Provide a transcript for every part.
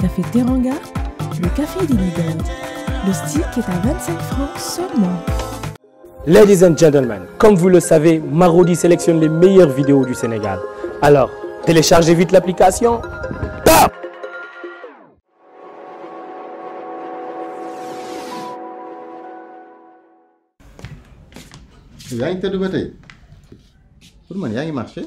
Café Teranga, le café des Le stick est à 25 francs seulement. Ladies and gentlemen, comme vous le savez, Marodi sélectionne les meilleures vidéos du Sénégal. Alors, téléchargez vite l'application. yaa marché.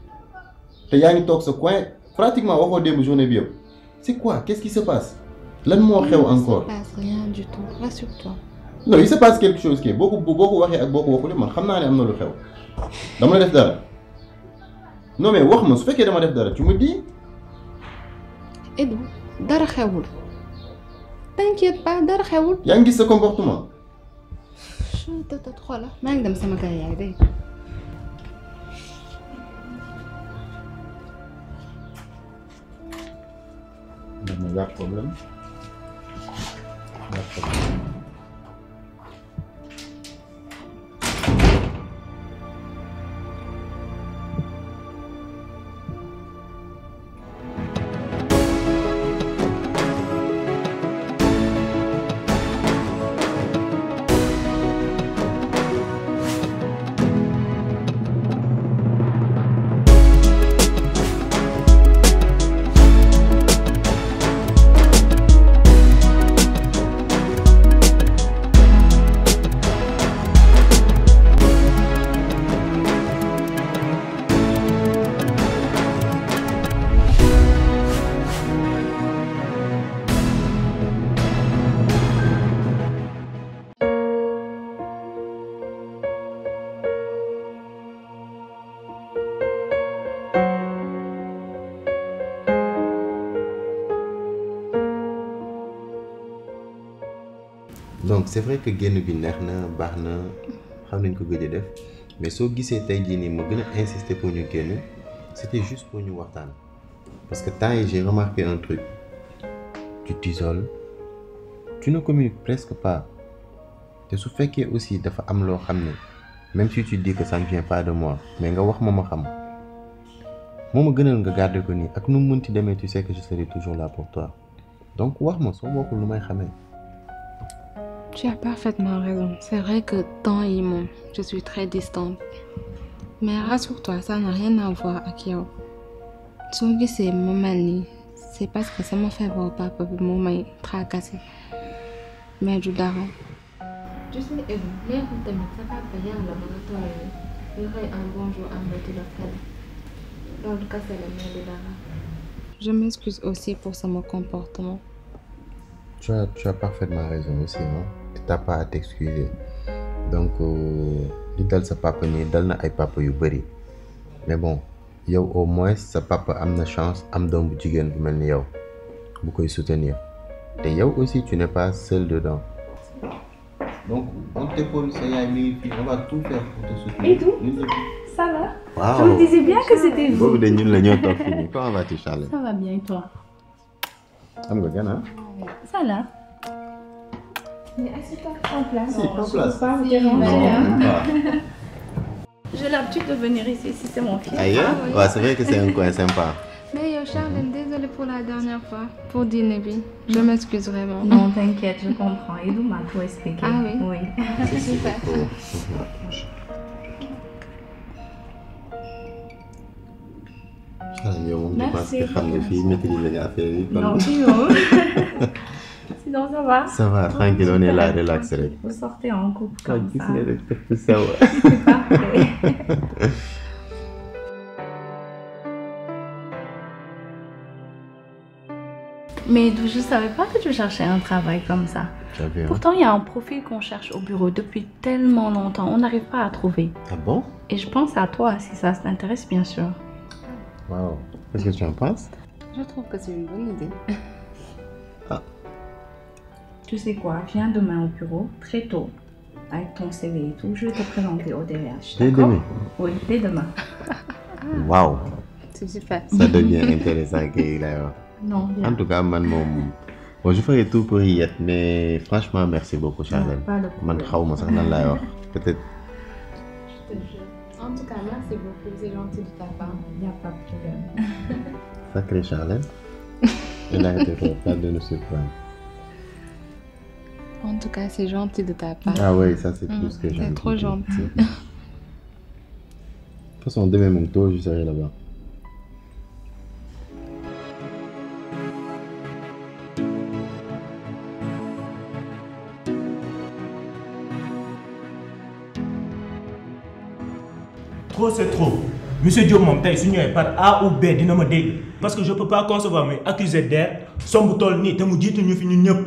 Tu es coin pratiquement c'est quoi qu'est-ce qui se passe encore. passe rien du tout rassure-toi. non il se passe quelque chose qui est beaucoup beaucoup, beaucoup, ne non mais tu me dis. Edou dara t'inquiète pas dara xewul. ce comportement. mega problem. Jak problem. c'est vrai que génn bi neex na baax na xam nañ ko gëj a def mais soo gisee tey jii nii ma gën a insister pour ñu génn c'était juste pour ñu waxtaan parce que temps yi j'ai remarqué un truc tu t'isoles tu ne communiques presque pas te su fekkee aussi dafa am loo xam ne même si tu dis que ça ne vient pas de moi mais nga wax ma ma xam moo ma gënal nga garder ko nii ak nu mu mënti demee tu sais que je serai toujours là pour toi donc wax ma soo bokkul lu may xamee. Tu as parfaitement raison. C'est vrai que tant et je suis très distante. Mais rassure-toi, ça n'a rien à voir avec Kyo. soo c'est ma mel c'est parce que ça fait voir papa bi moo may tracassé mais du dara. tu sais Ebou neexul tamit sa papa va ba nga laboratoire. nii nga xëy un bonjour am ba di Dans le cas, c'est la mère du dara. je m'excuse aussi pour ce mon comportement. tu as tu as parfaitement raison aussi hein t'as pas à t'excuser donc euh, li dal sa papa nii dal na ay papa yu bëri mais bon yow au moins sa papa am na chance am doom bu jigéen bu mel ni yow bu koy soutenir Et yow aussi tu n'es pas seul dedans donc on te conseille, yaay mi on va tout faire pour te soutenir. et tout ça va. Wow je me disais bien que c'était vous. boobu de ñun la ñoo toog fii nii comment vas-tu Charlotte. ça va bien et toi. am nga gan hein? ça va. Mais assieds pas en place. J'ai l'habitude de venir ici si c'est mon fils. Hein? Ah, c'est vrai que c'est un coin sympa. Mais euh, désolée pour la dernière fois, pour Dinebi. Je m'excuse vraiment. Non, t'inquiète, je comprends. Et m'a tout expliqué. Ah oui Oui. C'est super. ça va. Ça va, tranquille, on est là, relaxer. Vous sortez en couple ah, comme ça. ça Parfait. Mais je ne savais pas que tu cherchais un travail comme ça. Hein. Pourtant, il y a un profil qu'on cherche au bureau depuis tellement longtemps. On n'arrive pas à trouver. Ah bon Et je pense à toi, si ça t'intéresse, bien sûr. Waouh Qu'est-ce que tu en penses Je trouve que c'est une bonne idée. tu sais quoi, viens demain au bureau, très tôt, avec ton CV et tout, je vais te présenter au DRH. Dès demain Oui, dès demain. Waouh C'est super. Ça devient intéressant, Kéila. Hein. Non, En tout cas, man, bon, je ferai tout pour y être, mais franchement, merci beaucoup, Charlène. Pas le problème. Hein. Peut-être. Je te jure. En tout cas, merci beaucoup, c'est gentil de ta part. Il n'y a pas de problème. Sacré Charlène. Elle a été de nous surprendre. En tout cas, c'est gentil de ta part. Ah ouais, ça c'est tout ce mm. que j'aime. C'est trop gentil. Mm. De toute façon, demain, mon tour, je serai là-bas. Trop, c'est trop. Monsieur Diop Montaigne, si nous pas A ou B, dis-nous Parce que je ne peux pas concevoir, mais accusés d'air, sans bouton ni, tu me dis que nous finissons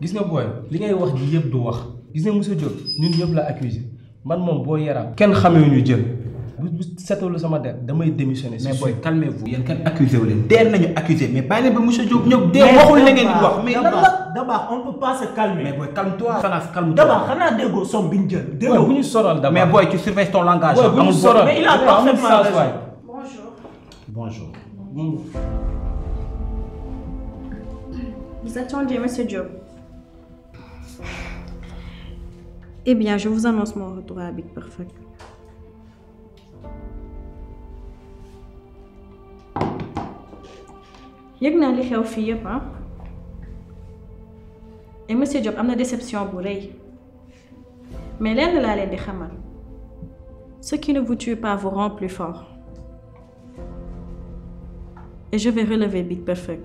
gis nga booy li ngay wax ji yëpp du wax gis nga monsieur Diop ñun ñëpp la accusé man moom boo yaram kenn xamee ñu jël bu bu seetlu sama der damay démissionner. mais boy calmez-vous yéen kenn accusé wu leen deel nañu accusé mais bàyyi leen ba monsieur Diop ñëw dee waxul li ngeen di wax mais lan la d'abord on peut pas se calmer. mais boy calme-toi. Sanas calme-toi d'abord xanaa déggoo somme bi ñu jël. déggoo bu ñu soral d'abord mais boy tu surveilles ton langage. amul bu ñu soral mais il a parfaitement raison. bonjour. bonjour. vous attendiez monsieur Diop. Eh bien, je vous annonce mon retour à Big Perfect. li xew ah. et monsieur Job a déception bu mais di ce qui ne vous tue pas vous rend plus fort et je vais relever Big Perfect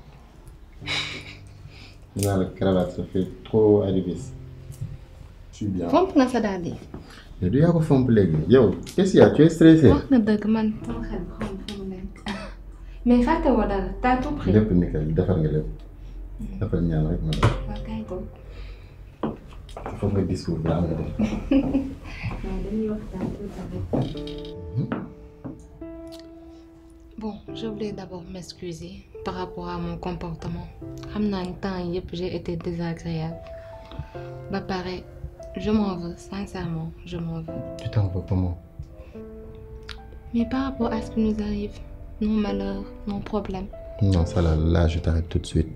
Non, avec cravate, ça fait trop arriviste. Je suis bien. Fomp na sa daal di. mais du yaa ko fomp qu'est-ce qu'il y a tu es stressé. wax não dëgg man sama xel xam fu mu nekk mais fàtte woo dara t'as tout pris. lépp nickel defar nga lépp. defar ñaan rek bon je voulais d'abord m'excuser par rapport à mon comportement Je j'ai été désagréable bah pareil je m'en veux sincèrement je m'en veux. tu t'en veux comment. mais par rapport à ce qui nous arrive nos malheurs nos problèmes. non ça là je t'arrête tout de suite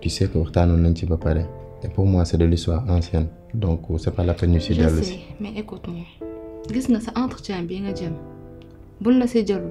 tu sais que waxtaanoon on et pour moi c'est de l'histoire ancienne donc euh, c'est pas la peine de s'y je sais mais écoute-moi gis sa entretien bi nga jëm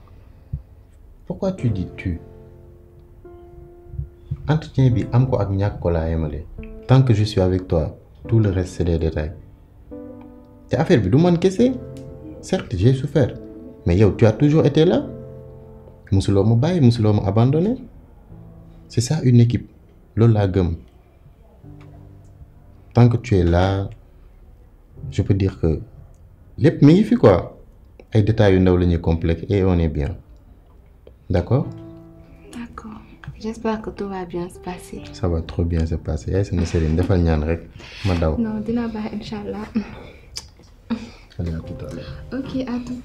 pourquoi tu dis tu entretien bi am ko ak ñak ko tant que je suis avec toi tout le reste c'est des détails affaire bi du man kessé certes j'ai souffert mais yow tu as toujours été là musuloo mu bay musuloo mu abandonné c'est ça une équipe le la gëm tant que tu es là je peux dire que les mi ngi fi quoi ay détails yu ndaw et on est bien D'accord D'accord. J'espère que tout va bien se passer. Ça va trop bien se passer. C'est une série. defal ñaan rek non dina baax inshallah. Allez, à tout à l'heure. Ok, à tout.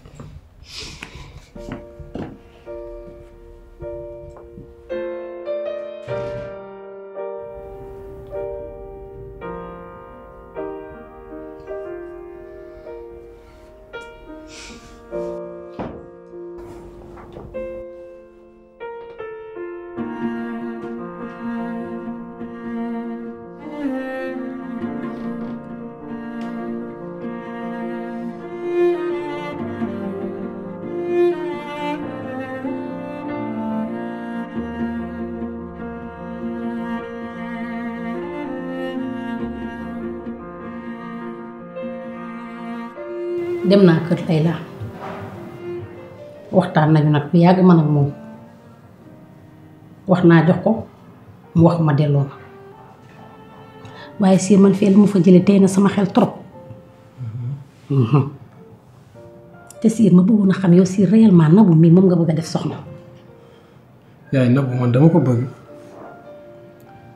dem na kër Layla waxtaan nañu nak bu yag man ak mom waxna jox ko mu wax ma delo waye si man fii mu fa jele teena sama xel trop mm-hmm. te si ma bëgguna xam yow si réellement nabu mi mom nga bëgg def soxna. yaay nabu man dama ko bëgg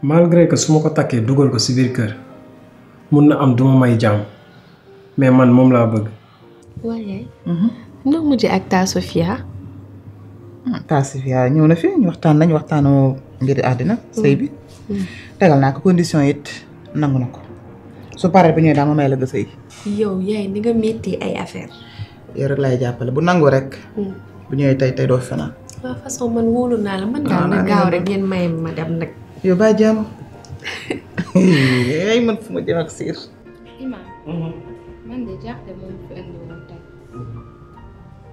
malgré que suma ko takkee dugal ko ci bir kër mën na am duma may jam mais man mom la bëgg. Wah mhm. ya. ndax mujj ak taa Sofia. Ah, taa Sofia ñëw na fi ñu waxtaan nañ waxtaanoo ngir àddina. Mm. sëy bi tegal mm. naa ko condition it nangu na ko su paree ba ñëwee daal ma may la nga sëy. yow yaay ni nga métti ay affaire yow rek laay jàppale bu nangu rek. Mm. bu ñëwee tey tey doo fanaan. waaw façon man wóolu naa la man ah, daal na gaaw rek ngeen may ma dem nag. yow baa jàmm. man fu ma jëm ak siir. man de moom fi andi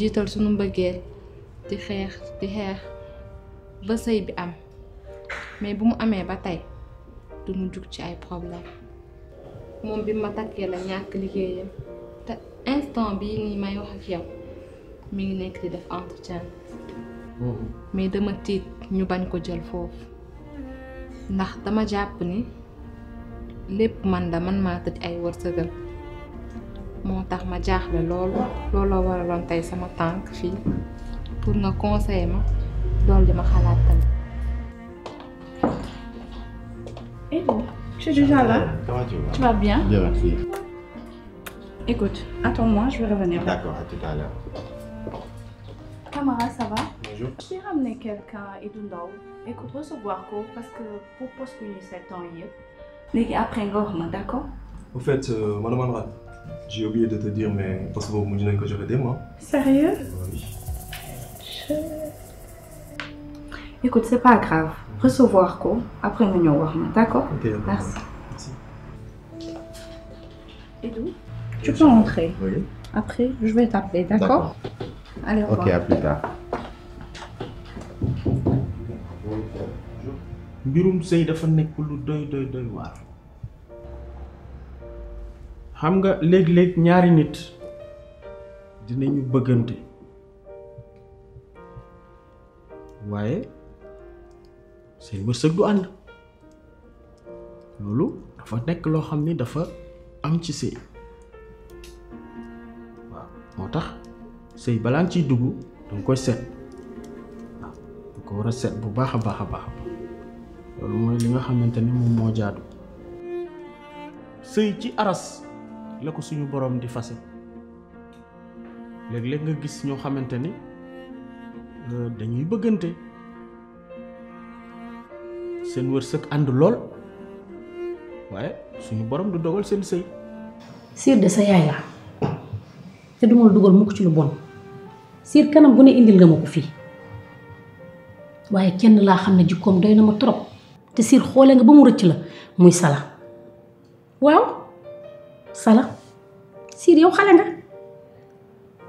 jiital sunu mbëggee di xeex di xeex ba sëy bi am mais bu mu amee ba tey du mu jug ci ay problème moom bi ma takkee la ñàkk liggéeyam te instant bii nii may wax ak yow mi ngi nekk di def entretien mais dama tiit ñu bañ ko jël foofu ndax dama jàpp ni lépp man da man maa tëj ay wërsëgal moo tax ma lolo lolo looloo waraloon tey sama tànk fii pour nga conseiller ma loolu de ma Et tamit. Eh je suis déjà là. tu vas? bien? Bien, merci. Écoute, attends-moi, je vais revenir. D'accord, à tout à l'heure. Camara, ça va? Bonjour. J'ai ramené quelqu'un à Ndaw. Écoute, recevoir quoi? parce que pour postuler cet temps hier, mais après encore, wax d'accord. au fait euh, ma j'ai oublié de te dire, mais parce que vous me direz que des mois Sérieux Oui. Écoute, c'est pas grave. Recevoir quoi Après, nous voir, d'accord Ok, merci. Merci. Et Tu peux rentrer. Oui. Après, je vais t'appeler, d'accord Allez, au Ok, à plus tard. xam nga leg leg ñaari nit dinañu bëggante waaye seen wërsëg du ànd loolu dafa nekk loo xam ni dafa am ci sëy waaw moo tax sëy balaan ciy dugg danga koy set waaw ko war a bu baax a baax a baax loolu mooy li nga xamante ni moom jaadu sëy ci aras la ko suñu borom di fase léeg-léeg nga gis ñoo xamante ni euh, dañuy bëggante seen wërsëg ànd lool waaye suñu boroom du dogal seen sëy siir de sa yaay te duma dugal mukk ci lu bon siir kanam bu ne indil nga ma ko fii waaye kenn laa xam ne jikkoom doy na ma trop te siir xoole nga ba mu rëcc la muy sala waaw sala Sir, yow xalé nga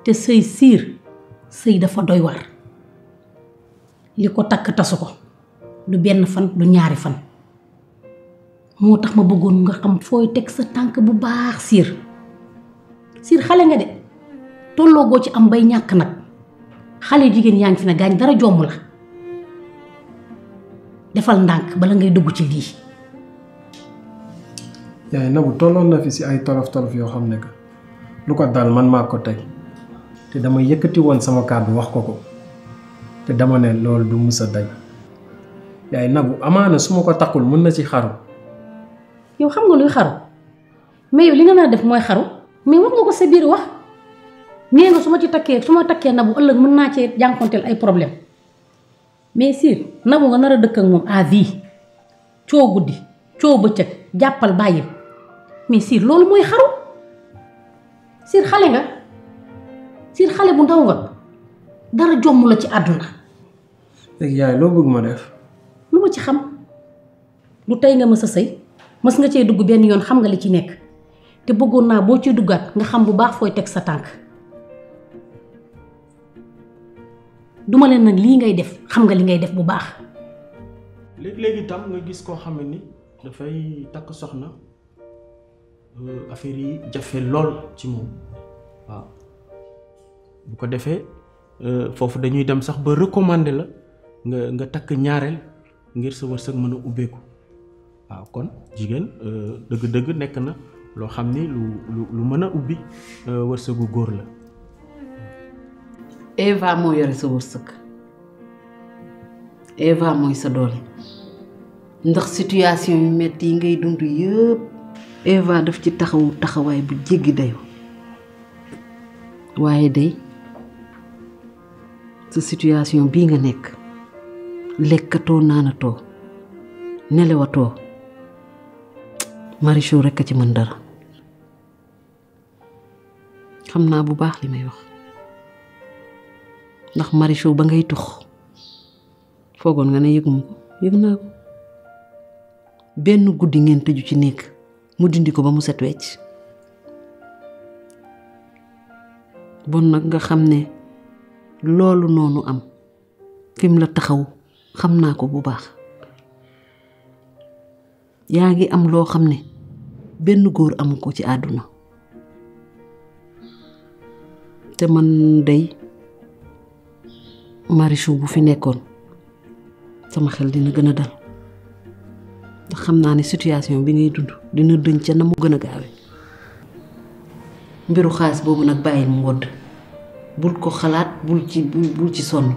te sey sir sey dafa doy war liko tak tasuko du ben fan du ñaari fan motax ma bëggoon nga xam foy tek sa tank bu baax sir sir xalé nga de tolo go ci am bay ñak nak xalé jigen yaang fi na gañ dara defal ndank bala ngay dugg ci li yaay nagu tolloon na fi si ay tolof tolof yoo xam ne que lu ko dal man maa ko te dama yëkkati woon sama kàddu wax ko ko te dama ne loolu du musa a dañ yaay nagu amaana su ma ko takkul mun na ci xaru. yow xam nga luy xaru mais yow li nga naa def mooy xaru mais wax nga ko sa biir wax nee nga su ma ci takkee su ma takkee Nabou ëllëg mën naa cee jànkonteel ay problème mais sir nabu nga nar a dëkk ak moom à vie coo guddi coo bëccëg jàppal bàyyi. mais siir loolu mooy xaru siir xale nga siir xale bu ndaw nga dara jomm la ci àdduna léegi yaay loo bëgg ma def lu ma ci xam lu tey nga mës a sëy mës nga cee dugg benn yoon xam nga li ci nekk te bëggoon naa boo ci duggaat nga xam bu baax fooy teg sa tànk duma leen nag li ngay def xam nga li ngay def bu baax léegi-léegi tam nga gis koo xam ne dafay takk soxna Euh, affaire yi jafe lool ci moom waaw bu ko defee euh, foofu dañuy dem sax ba recommander la nga nga takk ñaareel ngir sa wërsëg mën a ubbeeku waaw kon jigéen euh, dëgg-dëgg nekk na loo xam ni lu lu mën a ubbi wërsëgu góor la. Eva moo yore sa wërsëg Eva mooy sa doon ndax situation metti yi ngay dund yëpp. Eva daf ci taxawu taxawaay bu jéggi dayo waaye day sa situation bii nga nekk lekkatoo naanatoo nelewatoo Marichou rekk a ci mën dara xam naa bu baax li may wax ndax Marichou ba ngay tux foogoon nga ne yëg ko yëg naa ko benn guddi ngeen tëju ci nekk mu dindi ko ba mu set wecc bon nag nga xam ne loolu noonu am fi mu la taxaw xam naa ko bu baax yaa ngi am loo xam ne benn góor amu ko ci àdduna te man day Marichou bu fi nekkoon sama xel dina gën a dal ndax xam naa ne situation bi ngay dund dina dëñ ca na mu gën a gaawe mbiru xaalis boobu nag bàyyi mu wodd bul ko xalaat bul ci bul ci sonn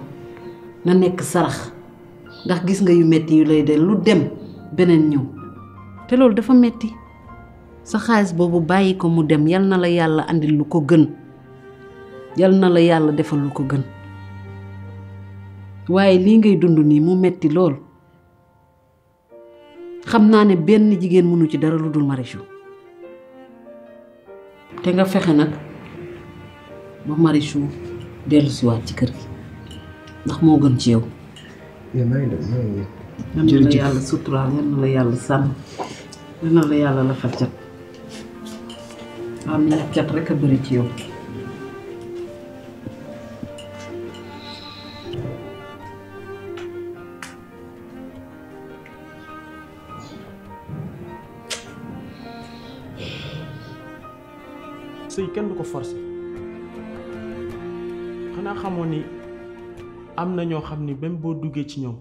na nekk sarax ndax gis nga yu metti yu lay dellu dem beneen ñëw te loolu dafa metti sa xaalis boobu bàyyi ko mu dem yal na la yàlla indil lu ko gën yal na la yàlla defal lu ko gën waaye lii ngay dund nii mu metti lool xam naa ne benn jigéen mënu ci dara lu dul Marichou te nga fexe nag ba Marichou dellusiwaat ci kër gi ndax moo gën ci yow. yal na la yàlla suturaal yal na la yàlla sàmm yal na la yàlla la fa cat am na cat rek a bëri ci yow. sëy kenn du xanaa xamoon ni am na ñoo xam ni même boo duggee ci ñoom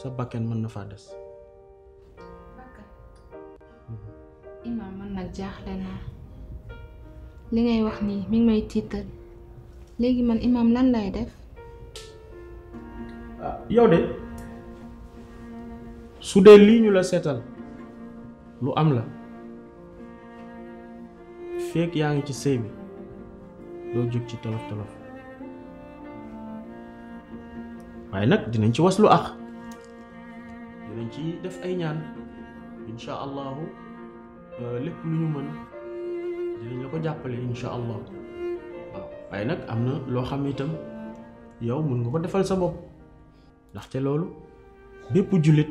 sa bakkan mën na faa des. bakkan. Mm-hmm. naa li ngay wax nii mi may tiital léegi man imaam lay def. ah yow su dee lii ñu la seetal lu am la. Fek yang ngi ci sëy bi doo jóg ci tolof tolof waaye nag dinañ ci waslu ak dinañ ci def ay ñaan insha allahu euh, lépp lu ñu mën dinañ la ko jàppale insha allah waaw waaye nag am na loo xam itam yow mun nga ko defal sa bopp ndaxte loolu bépp julit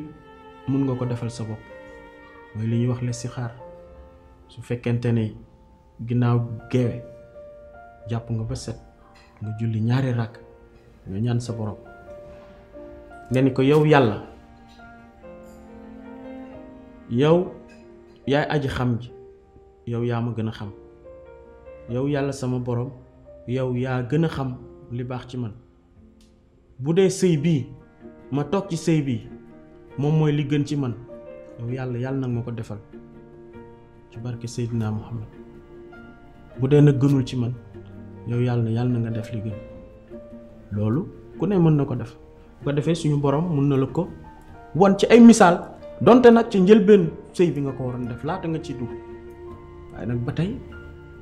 mun nga ko defal sa bopp mooy li ñuy wax la si su fekkente ginaaw geewe japp nga ba set nga julli ñaari rak nga ñaan sa borom nga ni ko yow yalla yow yaay aji xam ji yow yaa gëna xam yow yalla sama borom yow yaa gëna xam li baax ci man bu dee sëy bii ma toog ci sëy bii moom mooy li gën ci man yow yàlla yàlla nag ma ko defal ci barke Muhammad bu dee ciman, gënul ci man yow yàlla yàlla na nga def li gën loolu ku ne mën na ko def bu ko defee suñu borom mën na la ko wan ci ay misaal donte nag ci njëlbeen sëy bi nga ko waroon def laata nga ci dugg waaye nag ba tey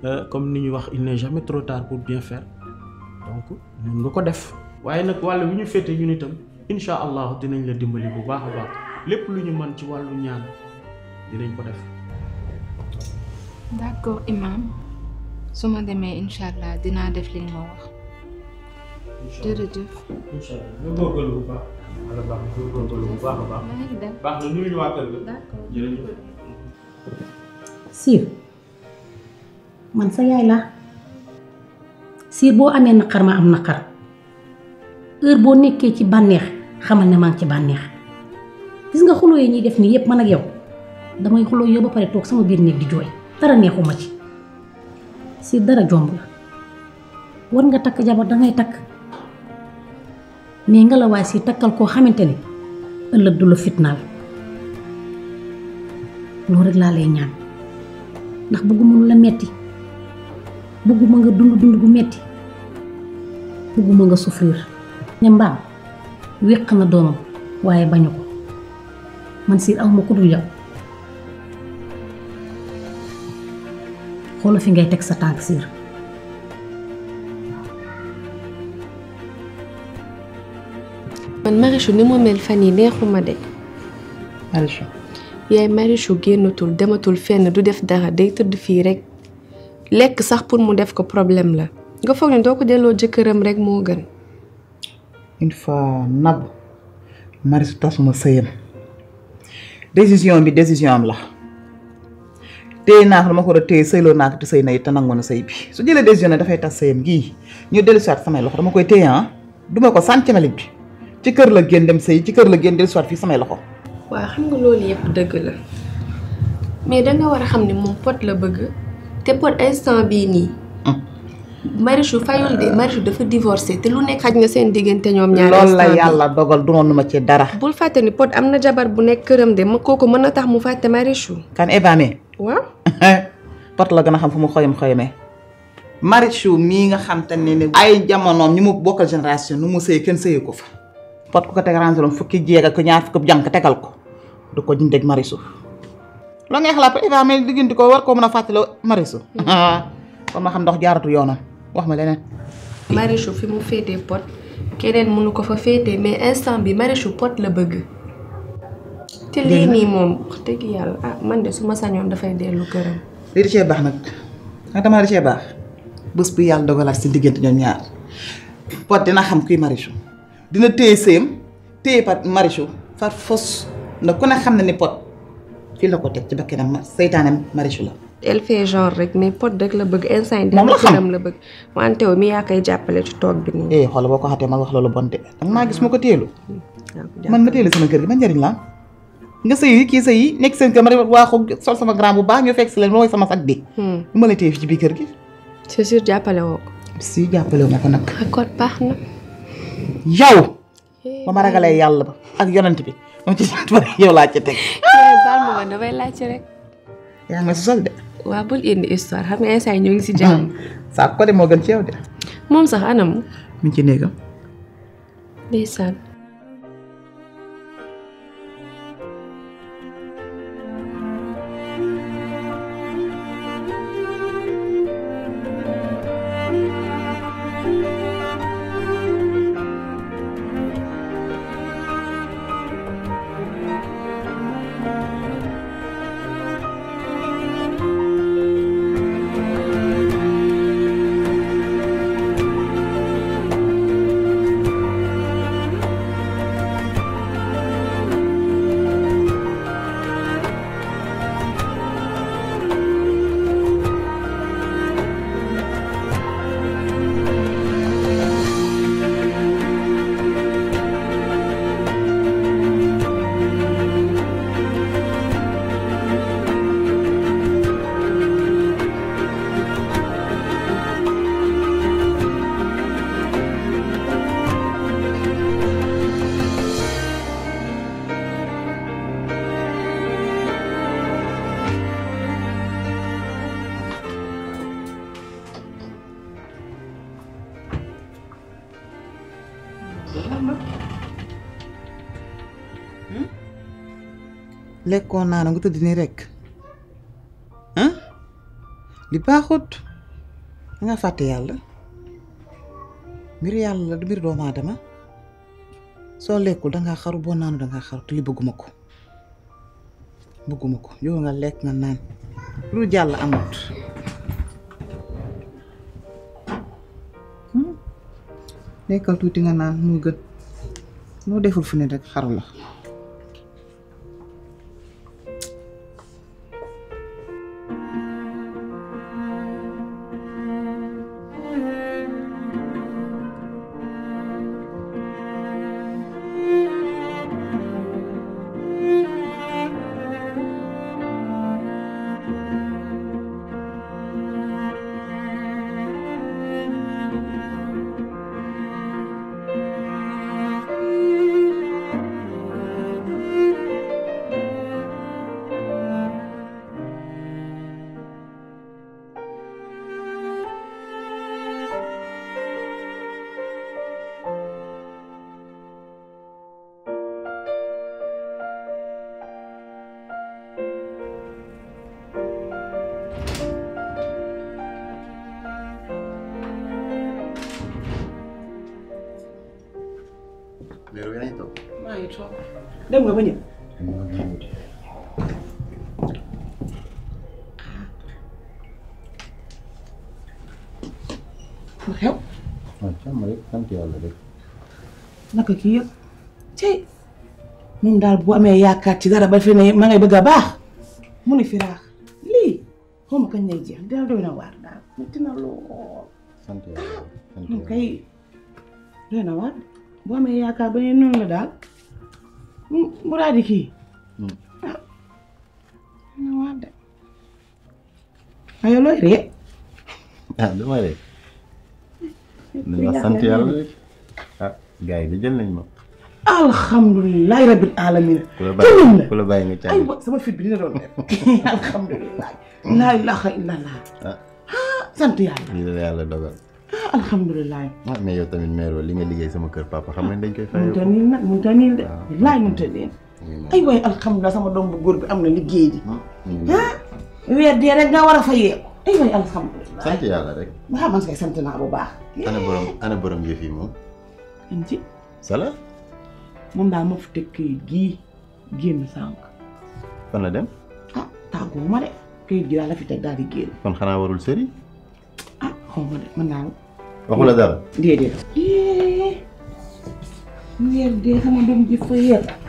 euh, comme ni wax il n'est jamais trop tard pour bien faire donc mën nga ko def waaye nag wàll wi ñu ñun itam insha allah dinañ la dimbali bu baax a baax lépp lu ñu mën ci wàllu ñaan dinañ ko def d'accord imam su ma demee incha allah dinaa def li Siir man sa yaay la Siir boo amee naqar ma am naqar heure boo nekkee ci bànneex xamal ne maa ngi ci bànneex gis nga xuloo yi ñuy def nii yépp man ak yow damay xuloo yow ba pare toog sama biir néeg di jooy dara neexuma ci. si dara jom la war nga tak jabar da ngay tak mais nga la way si takal ko xamanteni ni du lu fitnal loolu rek la lay ñaan ndax bëgguma lu la metti bëgguma nga dund dund gu metti bëgguma nga souffrir ne mbam wéx na doomam waaye bañu ko man siir aw ma dul xool fi ngay teg sa tànk siir man Marichou ni mu mel fan yi neexuma de Marichou yaay Marichou génnatul dematul fenn du def dara day tëdd fii rek lekk sax pour mu def ko problème la nga foog ne doo ko delloo jëkkëram rek moo gën une fois nab Marichou tas ma sëyam décision bi décision am la téye naa ko dama ko war a téye sëyloo naa ko te sëy na it te nangu na sëy bi su jëlee décision ne dafay tas sëyam gii ñu dellusiwaat samay loxo dama koy téye ah du ma ko sànc ma bi ci kër la génn dem sëy ci kër la génn dellusiwaat fii samay loxo. waa xam nga loolu yëpp dëgg la mais da nga war a xam ne moom pot la bëgg te pot instant bii nii. Marichou fayul de Marichou dafa divorcé te lu nekk xaj na seen diggante ñoom ñaar loolu la yàlla dogal doonu ma ci dara. bul fàtte pot am na jabar bu nekk këram de ma kooku mën na tax mu fàtte Marichou. kan Eva waaw tot la gën a xam fu mu xoyam xoyamee Marichou mii nga xam te ne ne ay jamonoom ñu mu bokkal génération nu mu sëy kenn sëyee ko fa pot ku ko teg rangelom fukki jeeg ak ñaar fukki jànk tegal ko du ko jëndeeg Marichou loo ngay xalaat Eva mais ko war mën a fàttaloo Marichou kon ma xam ndox jaaratu yoonam wax ma leneen Marichou fi mu féetee pot keneen mënu ko fa féetee mais instant bi Marichou pot la bëgg té li ni mom wax dëgg yalla ah man de suma sañon da fay délu kërëm li ci bax nak nag ah damaa da cee baax bés bu yàlla dogalaat si diggante gitu ñaar pot dina xam kuy marichu dina téy sëyam téy pat marichu far fos na ku na xam na ni pot fi la ko tek ci bakkanam seytanam marichu la. elle fait genre rek mais pot rek la bëgg instant yii. moom dem la bëgg wante mi yaa koy ci tok bi ni eh xol boo xaté ma wax lolu bonté de. gis ma téelu. Hmm, ya, ya. man ma téelu sama kër gi ma njëriñ la nga sëy kii sëy nekk seen kër ma dem waa ko sol sama grand bu baax ñu fekk si leen mooy sama sag bi. lu hmm. ma la téye fii ci kër gi. c'est jàppale ma nag. kon baax na. yow. Eh. yàlla ba ak yonent bi moom ci yow laa ci eh, damay laajte rek. yaa ma sosal indi histoire xam nga instant ñoo ngi si jàmm. saa ko moo gën ci yow sax anam. mu ci néegam. ndeysaan. lekkoo na nga tëdd nii rek ah li baaxut da nga fàtte yàlla mbiru yàlla la du mbiru doomu aadama soo lekkul da xaru boo naanu da xaru te li bëgguma ko bëgguma ko yow nga lekk nga naan lu jàll amut lekkal tuuti nga naan muy gën moo deful fu ne help. Macam mereka santai tiada dek. Na ka kiyo. Ce. dal buat kan ah, kan me ya ka ci dara ba fi mangai baga ba. Li. Ko mu kan neje. Dal do na war da. Santai, lo. Santi. Santi. Kai. Do na war. Buat me ya ka dal. Muradi ki. waaw de looy ree ah dama sant yàlla rek ah yi di jël nañ ma alhamdulilah rabil alamin ku la bàyyi nga caabi sama fit bi dina doon def alhamdulilah laa ilaha illallah ah, ah sant yàlla la yàlla dogal ah alhamdulilah yow tamit mère li nga liggéey sama kër papa xam nga dañ koy fay mu tanil nag mu tanil de ah. bilaay mu tanil ay waay alhamdulilah sama doom bu góor bi am na liggéey ji ah, weer dee rek nga war a fa yeeku ay waay alhamdulilah sant yàlla rek waa man kay sant naa bu baax ana borom ana borom yëf yi moom am ci sala moom daal moo fi teg këyit gii génn sànq fan la dem ah tàggoo ma de këyit gi daal la fi teg daal di génn xanaa warul sëri ah xaw de mën naa la waxu la dara weer dee sama doom ji fa yeeku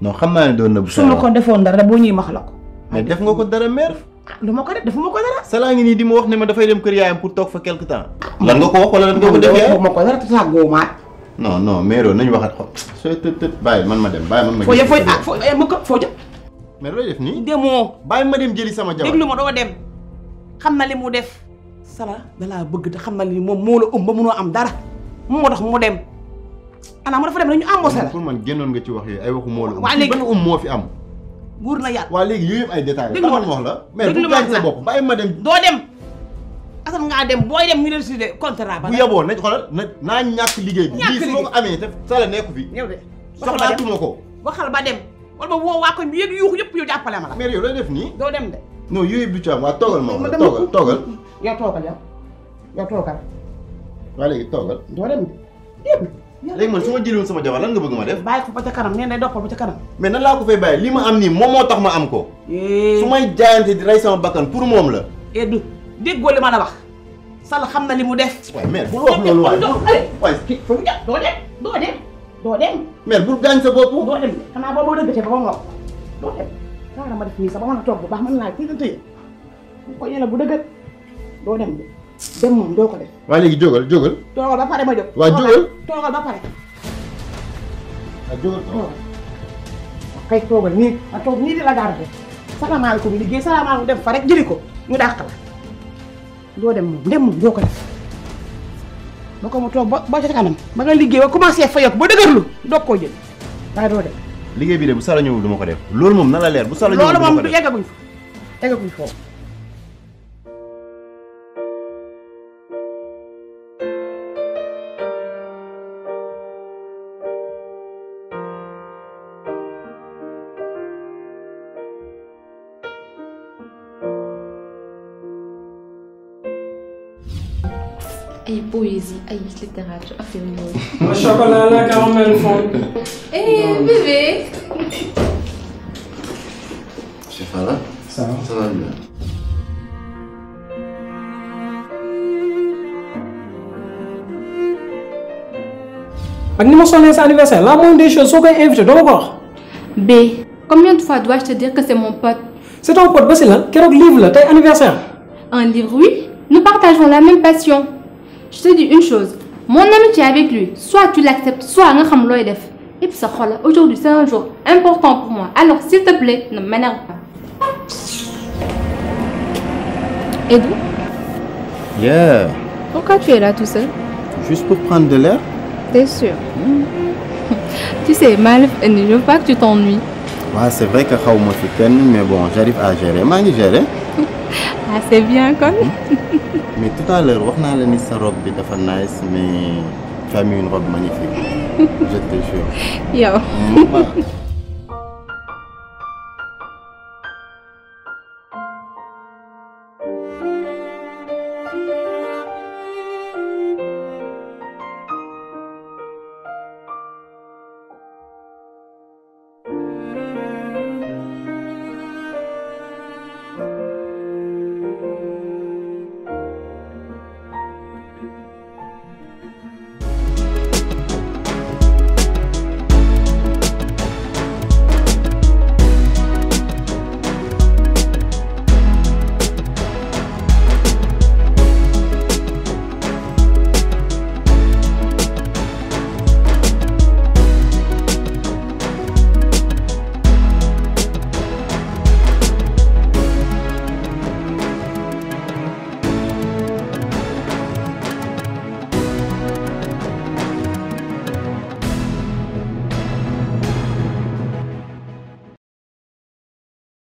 non xam naa ne doon na. ko defon dara bo ñuy max ko. mais def nga ko dara mère. luma ah, ko def defuma ko dara. sala ngi ni di ma wax ne ma da fay dem keur yaayam pour tok fa quelque temps. lan nga ko wax wala lan nga ko def ya mo ko dara ta sago ma non non mère nañ waxat xool. so te te bàyyi man ma dem bàyyi man ma. fo ja fo ah foo eh, ko fo ja. mais looy def ni demo bàyyi ma dem jeli sama jaba deglu ma do dem xam na li mu def. sala dalaa bëgg te xam na li mom mo la um ba munoo am dara mo tax mu dem xanaa ma dafa dem rek ñu embauché nga ci wax yooyu ay waxu moo la. waaw léegi ban um moo fi am. buur na yàlla waaw léegi yooyu yëpp ay détails. dégg nga wax la mais bu gaañ sa bopp bàyyi dem. doo dem asal ngaa dem booy dem ñu rejeté contrat ba. bu yeboo nañ xoolal na naa ñàkk liggéey bi. lii su ko amee te sala nekku fi. ñëw de soxlaatuma ko. waxal ba dem wala woo waa koñ bi yëpp yuuxu yëpp yow jàppale ma nii. doo dem de. non yooyu yëpp du ci am waa toogal ma wala toogal toogal. yow toogal yow yow toogal. waa léegi toogal doo dem de Ya, léegi man su ma jëliwul sama jabar lan nga bëgg ma def. bàyyi ko ba ca kanam nee na doxal ba ca kanam. mais nan laa ko fay bàyyi li ma am nii moom moo tax ma am ko. Eh. su may jaayante di rey sama bakkan pour moom la. Edu déggoo li ma la wax Sall xam na li mu def. waay mère bul wax loolu waay waay kii doo dem doo dem doo dem. mère bul gaañ sa bopp. doo dem xanaa boo ma dëggatee ba ma wax doo dem xanaa ma def nii sax ba mën a toog bu baax mën naa tëye ko bu doo dem dem moom doo ko def. waaye léegi jógal jógal. toogal ba pare ma jóg. waaw jógal toogal ba pare. waaw jógal toogal. kay toogal nii ma toog nii di la garder salaamaaleykum liggéey salaamaaleykum dem fa rek jëli ko ñu dàq la doo dem moom dem moom doo ko def ba ko mu toog ba ba ca kanam ba nga liggéey ba commencé fa yokk ba dëgërlu doog koo jël waaye doo dem. liggéey bi de bu sala ñëwul du ma ko def. loolu moom na la leer bu sala ñëwul du ma ko def loolu moom yeggaguñ fa yeggaguñ foofu. ay poésie littérature affaire yooyu. chocolat chocolat la caramel fond. eh bébé. je ça va ça va bien. Je ni ma sonnee sa anniversaire la moindre des choses soo koy invité doo B combien de fois dois-je te dire que c'est mon pote. c'est ton pote Basile a un livre la tey anniversaire. un livre oui nous partageons la même passion je te dis une chose mon ami est avec lui soit tu l'acceptes soit nga xam et puis ça aujourd'hui c'est un jour important pour moi alors s'il te plaît ne m'énerve pas. Edou. Yeah. Pourquoi tu es là tout seul. juste pour prendre de l'air. T'es sûr. Hmm. tu sais Mal, Je ne veux pas que tu t'ennuies. c'est vrai que je fi mais bon j'arrive à gérer Je gérer ah c'est bien même. Hmm. mais tout à l'heure on a la sa robe bi dafa nice mais tu as mis une robe magnifique je te jure. Yo. Hmm,